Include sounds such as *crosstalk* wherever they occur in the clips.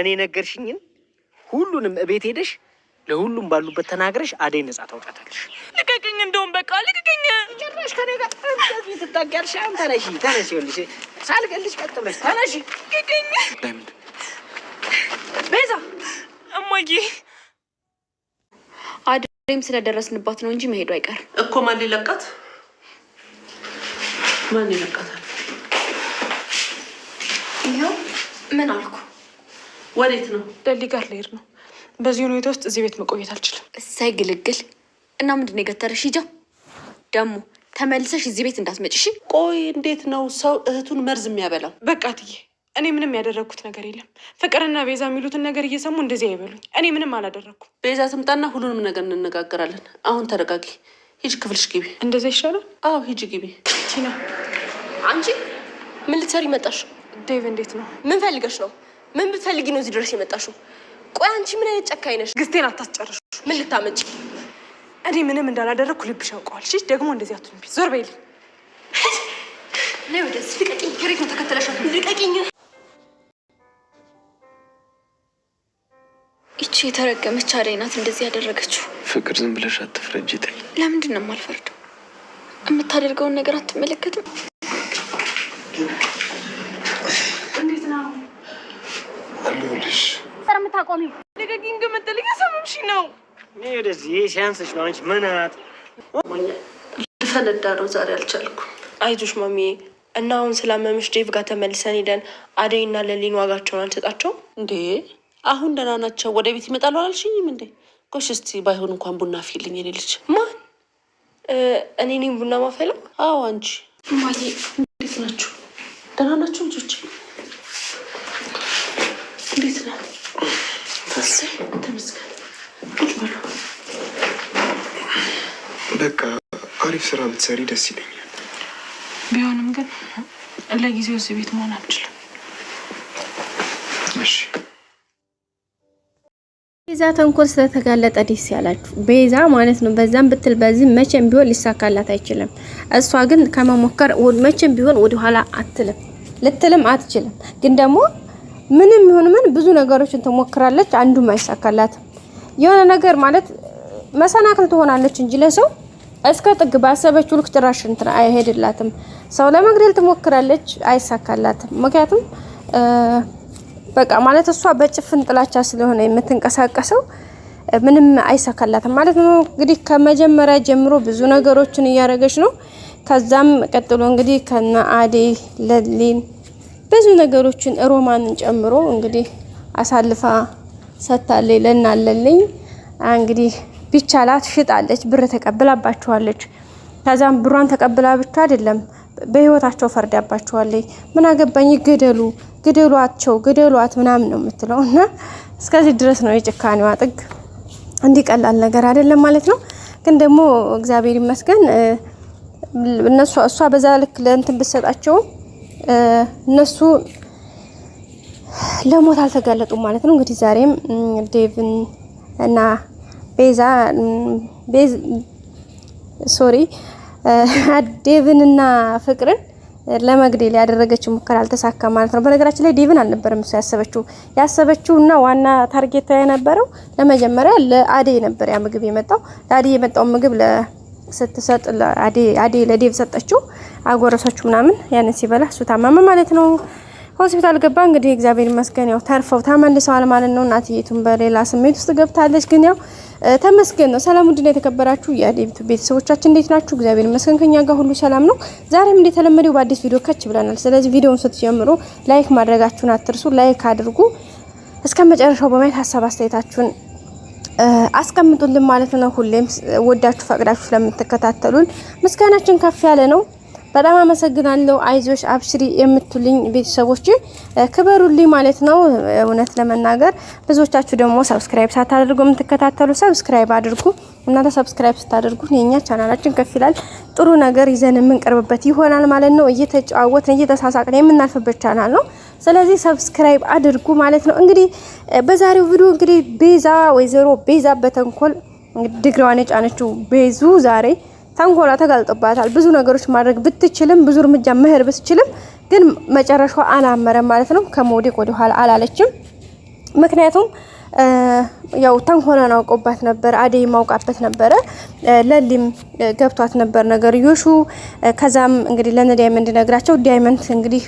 እኔ ነገርሽኝን ሁሉንም እቤት ሄደሽ ለሁሉም ባሉበት ተናግረሽ አደይ ነጻ ታውቃታለሽ። ልቀቅኝ፣ እንደውም በቃ ልቀቅኝ። ጭራሽ ከኔ ጋር እዚህ ትጣቂያለሽ። አሁን ተነሺ፣ ተነሺ፣ ይኸውልሽ ሳልገልሽ ቀጥ ብለሽ ተነሺ። ልቀቅኝ። ለምን ቤዛ? እማዬ አደይም ስለደረስንባት ነው እንጂ መሄዱ አይቀርም እኮ። ማን ሊለቃት? ማን ይለቃታል? ይኸው ምን አልኩ ወዴት ነው? ደሊ ጋር ልሄድ ነው። በዚህ ሁኔታ ውስጥ እዚህ ቤት መቆየት አልችልም። እሳይ ግልግል እና ምንድን ነው የገተረሽ? ሂጃ ደግሞ ተመልሰሽ እዚህ ቤት እንዳትመጭሽ። ቆይ እንዴት ነው ሰው እህቱን መርዝ የሚያበላው? በቃ ትዬ፣ እኔ ምንም ያደረግኩት ነገር የለም። ፍቅርና ቤዛ የሚሉትን ነገር እየሰሙ እንደዚህ አይበሉኝ። እኔ ምንም አላደረግኩም። ቤዛ ትምጣና ሁሉንም ነገር እንነጋገራለን። አሁን ተረጋጊ፣ ሂጅ ክፍልሽ ግቢ። እንደዚ ይሻላል? አዎ ሂጅ ግቢ። ቲና፣ አንቺ ምን ልትሰሪ መጣሽ? ዴቭ እንዴት ነው? ምን ፈልገሽ ነው? ምን ብትፈልጊ ነው እዚህ ድረስ የመጣሽው? ቆይ አንቺ ምን አይነት ጨካኝ ነሽ? ግስቴን አታስጨርሹ። ምን ልታመጪ? እኔ ምንም እንዳላደረግኩ ልብሽ ያውቀዋል። እሺ ደግሞ እንደዚህ አትሁንቢ። ዞር በይል። ልቀቂኝ። ሄሬት ነው ተከተለሽ። ልቀቂኝ። ይቺ የተረገመች አደይ ናት እንደዚህ ያደረገችው። ፍቅር ዝም ብለሽ አትፍረጅ። ተይ። ለምንድን ነው የማልፈርደው? የምታደርገውን ነገር አትመለከትም? አለሁልሽ። ኧረ የምታቆሚው ልቀቂኝ። ግምጥል እየሰምምሽ ነው። እኔ ወደዚህ ሲያንስሽ ነው አንቺ ምናት ልፈነዳ ነው። ዛሬ አልቻልኩም። አይዞሽ ማሚዬ። እና አሁን ስላመምሽ ዴቭ ጋር ተመልሰን ሄደን አደይና ለሊን ዋጋቸውን አንሰጣቸውም እንዴ? አሁን ደህና ናቸው። ወደ ቤት ይመጣሉ አላልሽኝም እንዴ? ጎሽ እስቲ ባይሆን እንኳን ቡና ፊልኝ። ልጅ ማን? እኔ ቡና አዎ አንቺ። እንዴት ናችሁ? ደህና ናችሁ ልጆች? ይመስላል። በቃ አሪፍ ስራ ብትሰሪ ደስ ይለኛል። ቢሆንም ግን ለጊዜው እዚህ ቤት መሆን አልችልም። እሺ ቤዛ ተንኮል ስለተጋለጠ ደስ ያላችሁ ቤዛ ማለት ነው። በዛም ብትል በዚህ መቼም ቢሆን ሊሳካላት አይችልም። እሷ ግን ከመሞከር መቼም ቢሆን ወደኋላ አትልም፣ ልትልም አትችልም። ግን ደግሞ ምንም ይሁን ምን ብዙ ነገሮችን ትሞክራለች፣ አንዱም አይሳካላትም። የሆነ ነገር ማለት መሰናክል ትሆናለች እንጂ ለሰው እስከ ጥግ ባሰበችው ልክ ጭራሽ እንትን አይሄድላትም። ሰው ለመግደል ትሞክራለች፣ አይሳካላትም። ምክንያቱም በቃ ማለት እሷ በጭፍን ጥላቻ ስለሆነ የምትንቀሳቀሰው ምንም አይሳካላትም ማለት ነው። እንግዲህ ከመጀመሪያ ጀምሮ ብዙ ነገሮችን እያደረገች ነው። ከዛም ቀጥሎ እንግዲህ ከነ አዴ ለሊን ብዙ ነገሮችን ሮማንን ጨምሮ እንግዲህ አሳልፋ ሰጥታለች ለናለልኝ እንግዲህ ቢቻላት ሽጣለች፣ ብር ተቀብላባችኋለች። ከዛም ብሯን ተቀብላ ብቻ አይደለም በህይወታቸው ፈርዳባችኋለች። ምን አገባኝ ግደሉ፣ ግደሏቸው፣ ግደሏት ምናምን ነው የምትለው እና እስከዚህ ድረስ ነው የጭካኔዋ ጥግ። እንዲህ ቀላል ነገር አይደለም ማለት ነው። ግን ደግሞ እግዚአብሔር ይመስገን እነሱ እሷ በዛ ልክ ለእንትን ብትሰጣቸውም እነሱ ለሞት አልተጋለጡም ማለት ነው። እንግዲህ ዛሬም ዴቭን እና ቤዛ ቤዝ ሶሪ ዴቭን እና ፍቅርን ለመግደል ያደረገችው ሙከራ አልተሳካ ማለት ነው። በነገራችን ላይ ዴቭን አልነበረም እሱ ያሰበችው ያሰበችው እና ዋና ታርጌት የነበረው ለመጀመሪያ ለአዴ ነበር ያ ምግብ የመጣው ለአዴ የመጣውን ምግብ ለ ስትሰጥ አዴ ለዴቭ ሰጠችው። አጎረሰችሁ ምናምን ያንን ሲበላ እሱ ታመመ ማለት ነው። ሆስፒታል ገባ። እንግዲህ እግዚአብሔር ይመስገን ያው ተርፈው ተመልሰዋል ማለት ነው። እናትየቱም በሌላ ስሜት ውስጥ ገብታለች፣ ግን ያው ተመስገን ነው። ሰላም ውድና የተከበራችሁ የአዴቢቱ ቤተሰቦቻችን እንዴት ናችሁ? እግዚአብሔር ይመስገን ከኛ ጋር ሁሉ ሰላም ነው። ዛሬም እንደተለመደው በአዲስ ቪዲዮ ከች ብለናል። ስለዚህ ቪዲዮውን ስትጀምሩ ላይክ ማድረጋችሁን አትርሱ። ላይክ አድርጉ እስከ መጨረሻው በማየት ሀሳብ አስተያየታችሁን አስቀምጡልን ማለት ነው። ሁሌም ወዳችሁ ፈቅዳችሁ ስለምትከታተሉን ምስጋናችን ከፍ ያለ ነው። በጣም አመሰግናለሁ። አይዞሽ አብሽሪ የምትሉኝ ቤተሰቦች ክበሩልኝ ማለት ነው። እውነት ለመናገር ብዙዎቻችሁ ደግሞ ሰብስክራይብ ሳታደርጉ የምትከታተሉ ሰብስክራይብ አድርጉ። እናንተ ሰብስክራይብ ስታደርጉ የኛ ቻናላችን ከፍ ይላል። ጥሩ ነገር ይዘን የምንቀርብበት ይሆናል ማለት ነው። እየተጫወትን እየተሳሳቅን የምናልፍበት ቻናል ነው። ስለዚህ ሰብስክራይብ አድርጉ ማለት ነው። እንግዲህ በዛሬው ቪዲዮ እንግዲህ ቤዛ ወይዘሮ ቤዛ በተንኮል ድግሪዋን የጫነችው ቤዙ ዛሬ ተንኮሏ ተጋልጦባታል። ብዙ ነገሮች ማድረግ ብትችልም ብዙ እርምጃ መሄድ ብትችልም ግን መጨረሻው አላመረም ማለት ነው። ከመውደቅ ወደኋላ አላለችም። ምክንያቱም ያው ተንኮሏን አውቆባት ነበር፣ አደይም ማውቃበት ነበረ፣ ለሊም ገብቷት ነበር ነገር ዮሹ። ከዛም እንግዲህ ለነ ዳይመንድ ነግራቸው ዳይመንድ እንግዲህ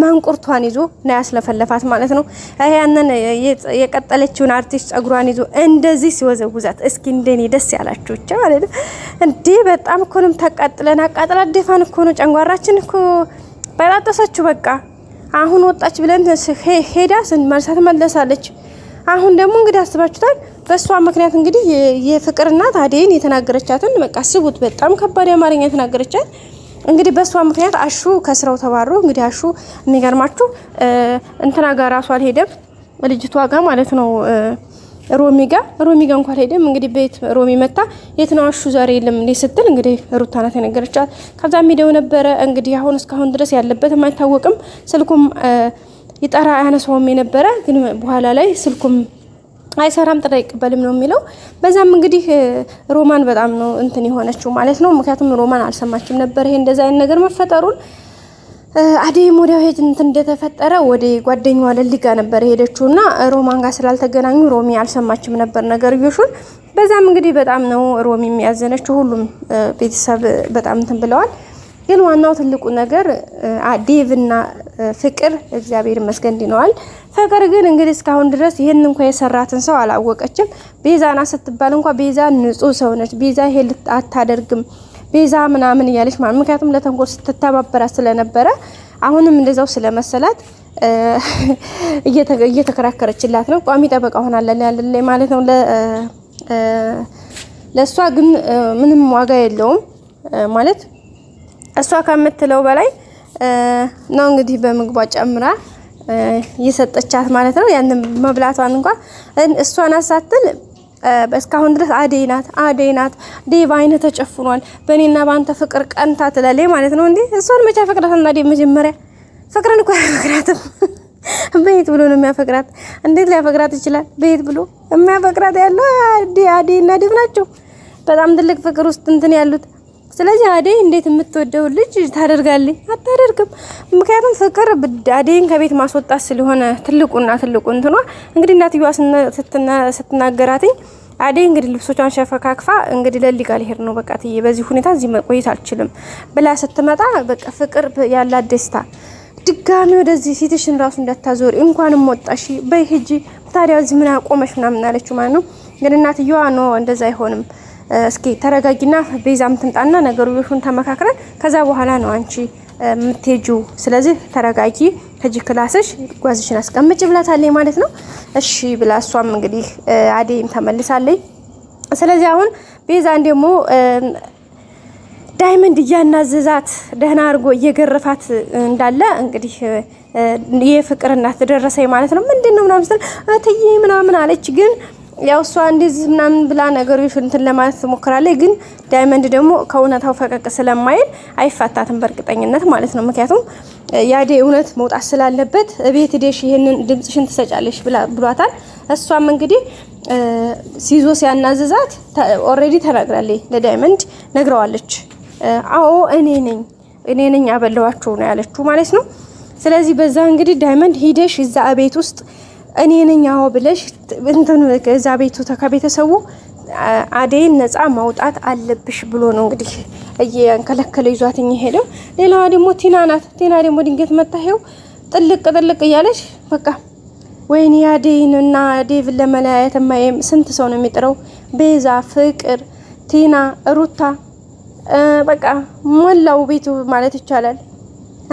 ማንቁርቷን ይዞ ና ያስለፈለፋት ማለት ነው። ያንን የቀጠለችውን አርቲስት ጸጉሯን ይዞ እንደዚህ ሲወዘውዛት እስኪ እንደኔ ደስ ያላችሁ ብቻ ማለት ነው። እንዴ በጣም እኮንም ተቃጥለን አቃጥላ ደፋን እኮ ነው። ጨንጓራችን እኮ በላጠሰችው። በቃ አሁን ወጣች ብለን ሄዳ መልሳት መለሳለች። አሁን ደግሞ እንግዲህ አስባችሁታል። በእሷ ምክንያት እንግዲህ የፍቅርና ታዲን የተናገረቻትን በቃ አስቡት። በጣም ከባድ አማርኛ የተናገረቻት እንግዲህ በእሷ ምክንያት አሹ ከስራው ተባሮ እንግዲህ አሹ የሚገርማችሁ እንትና ጋር ራሱ አልሄደም፣ ልጅቷ ጋር ማለት ነው ሮሚ ጋር ሮሚ ጋር እንኳን አልሄደም። እንግዲህ ቤት ሮሚ መጣ፣ የት ነው አሹ ዛሬ የለም እንዴ ስትል እንግዲህ ሩታ ናት የነገረቻት። ከዛ ሄደው ነበረ እንግዲህ አሁን እስካሁን ድረስ ያለበትም አይታወቅም። ስልኩም ይጠራ አያነሳውም የነበረ ግን በኋላ ላይ ስልኩም አይሰራም፣ ጥሪ አይቀበልም ነው የሚለው። በዛም እንግዲህ ሮማን በጣም ነው እንትን የሆነችው ማለት ነው። ምክንያቱም ሮማን አልሰማችም ነበር ይሄ እንደዛ አይነት ነገር መፈጠሩን። አዴ ወዲያው ሄጅ እንትን እንደተፈጠረ ወደ ጓደኛዋ ለሊ ጋ ነበር የሄደችው እና ሮማን ጋር ስላልተገናኙ ሮሚ አልሰማችም ነበር ነገርዮሹን። በዛም እንግዲህ በጣም ነው ሮሚ የሚያዘነችው። ሁሉም ቤተሰብ በጣም እንትን ብለዋል። ግን ዋናው ትልቁ ነገር ዴቭና ፍቅር እግዚአብሔር ይመስገን ድነዋል። ፍቅር ግን እንግዲህ እስካሁን ድረስ ይህን እንኳ የሰራትን ሰው አላወቀችም። ቤዛና ስትባል እንኳ ቤዛ ንጹሕ ሰው ነች። ቤዛ ይሄ አታደርግም ቤዛ ምናምን እያለች ማለት ምክንያቱም ለተንኮል ስትተባበራት ስለነበረ አሁንም እንደዛው ስለመሰላት እየተከራከረችላት ነው። ቋሚ ጠበቃ ሆናለን ያለ ማለት ነው። ለእሷ ግን ምንም ዋጋ የለውም ማለት እሷ ከምትለው በላይ ነው እንግዲህ በምግቧ ጨምራ እየሰጠቻት ማለት ነው። ያንን መብላቷን እንኳን እሷን አሳትል እስካሁን ድረስ አደይ ናት አደይ ናት ዴቭ አይነ ተጨፍኗል፣ በእኔና በአንተ ፍቅር ቀንታ ትላለች ማለት ነው። እንዴ እሷን መቻ ፍቅራት እና ዴቭ መጀመሪያ ፍቅርን እኮ ያፈቅራትም ቤት *laughs* ብሎ ነው የሚያፈቅራት? እንዴት ሊያፈቅራት ይችላል? በየት ብሎ የሚያፈቅራት ያለው አደይ እና ዴቭ ናቸው። በጣም ትልቅ ፍቅር ውስጥ እንትን ያሉት ስለዚህ አደይ እንዴት የምትወደው ልጅ ታደርጋለች? አታደርግም። ምክንያቱም ፍቅር አደይን ከቤት ማስወጣት ስለሆነ ትልቁና ትልቁ እንትኗ እንግዲህ እናትየዋ ስትናገራትኝ አደይ እንግዲህ ልብሶቿን ሸፈካክፋ እንግዲህ ለሊጋ ሊሄድ ነው በቃ ትዬ በዚህ ሁኔታ እዚህ መቆየት አልችልም ብላ ስትመጣ በቃ ፍቅር ያላት ደስታ ድጋሚ ወደዚህ ፊትሽን ራሱ እንዳታዞሪ እንኳንም ወጣሽ በይ ሂጂ ታዲያ እዚህ ምን አቆመሽ ምናምን አለችው ማለት ነው። ግን እናትየዋ ኖ እንደዛ አይሆንም እስኪ ተረጋጊና ቤዛም ትምጣና ነገሩን ተመካክረን ከዛ በኋላ ነው አንቺ የምትሄጂው። ስለዚህ ተረጋጊ፣ ከጂ ክላስሽ ጓዝሽን አስቀምጭ ብላታለች ማለት ነው። እሺ ብላ እሷም እንግዲህ አዴይም ተመልሳለኝ። ስለዚህ አሁን ቤዛን ደግሞ ዳይመንድ እያናዘዛት ደህና አድርጎ እየገረፋት እንዳለ እንግዲህ የፍቅር እናት ደረሰኝ ማለት ነው። ምንድን ነው ምናምን ስትል እትዬ ምናምን አለች ግን ያው እሷ እንደዚህ ምናምን ብላ ነገሮች እንትን ለማለት ትሞክራለች። ግን ዳይመንድ ደግሞ ከእውነታው ፈቀቅ ስለማይል አይፋታትም በእርግጠኝነት ማለት ነው። ምክንያቱም ያዴ እውነት መውጣት ስላለበት እቤት ዴሽ ይሄንን ድምጽሽን ትሰጫለሽ ብሏታል። እሷም እንግዲህ ሲዞ ሲያናዝዛት ኦልሬዲ ተናግራለች፣ ለዳይመንድ ነግረዋለች። አዎ እኔ ነኝ እኔ ነኝ አበለዋቸው ነው ያለችው ማለት ነው። ስለዚህ በዛ እንግዲህ ዳይመንድ ሂደሽ እዛ ቤት ውስጥ እኔ ነኝ አዎ ብለሽ እንትን ከዛ ቤቱ ከቤተሰቡ አደይን ነፃ ማውጣት አለብሽ ብሎ ነው እንግዲህ እየንከለከለ ይዟት ሄደው። ሌላዋ ደግሞ ቲና ናት። ቲና ደግሞ ድንገት መታ ጥልቅ ጥልቅ እያለች በቃ ወይኔ አደይን እና ዴቭን ለመለያየት ማየም ስንት ሰው ነው የሚጥረው? ቤዛ፣ ፍቅር፣ ቲና፣ ሩታ በቃ ሞላው ቤቱ ማለት ይቻላል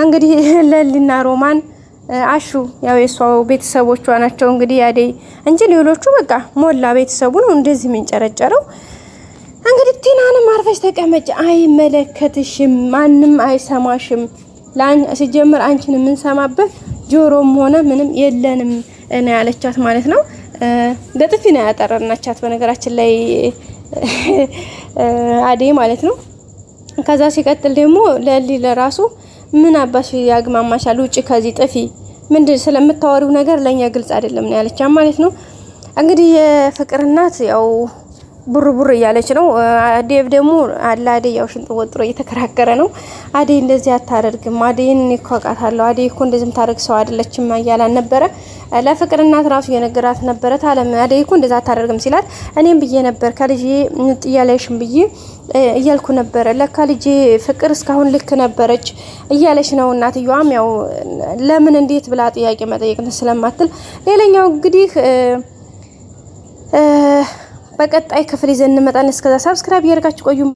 እንግዲህ ለሊና ሮማን አሹ ያው የሷ ቤተሰቦቿ ናቸው እንግዲህ ያደይ እንጂ ሌሎቹ በቃ ሞላ ቤተሰቡ ነው እንደዚህ የምንጨረጨረው። እንግዲህ ቲናንም አርፈሽ ተቀመጭ፣ አይመለከትሽም፣ ማንም አይሰማሽም። ሲጀምር አንቺን የምንሰማበት ጆሮም ሆነ ምንም የለንም እና ያለቻት ማለት ነው። በጥፊ ነው ያጠረናቻት በነገራችን ላይ አደይ ማለት ነው። ከዛ ሲቀጥል ደግሞ ለሊ ለራሱ ምን አባሽ ያግማማሻል? ውጭ ከዚህ ጥፊ ምንድን ስለምታወሪው ነገር ለእኛ ግልጽ አይደለም ነው ያለቻ ማለት ነው። እንግዲህ የፍቅር እናት ያው ቡርቡር እያለች ነው። አዴብ ደግሞ አለ አዴ ያው ሽንጥ ወጥሮ እየተከራከረ ነው። አዴ እንደዚህ አታደርግም፣ አዴን እኔ አዴ እኮ እንደዚህ ታደርግ ሰው አይደለችም እያላን ነበረ። ለፍቅር እናት ራሱ የነገራት ነበረ። ታለም አዴ እኮ እንደዛ አታደርግም ሲላት እኔም ብዬ ነበር ከልጄ ጥያለሽም ብዬ እያልኩ ነበረ። ለካ ልጄ ፍቅር እስካሁን ልክ ነበረች እያለች ነው። እናትየዋም ያው ለምን እንዴት ብላ ጥያቄ መጠየቅ ስለማትል ሌላኛው እንግዲህ በቀጣይ ክፍል ይዘን እንመጣለን። እስከዛ ሰብስክራይብ እያደርጋችሁ ቆዩ።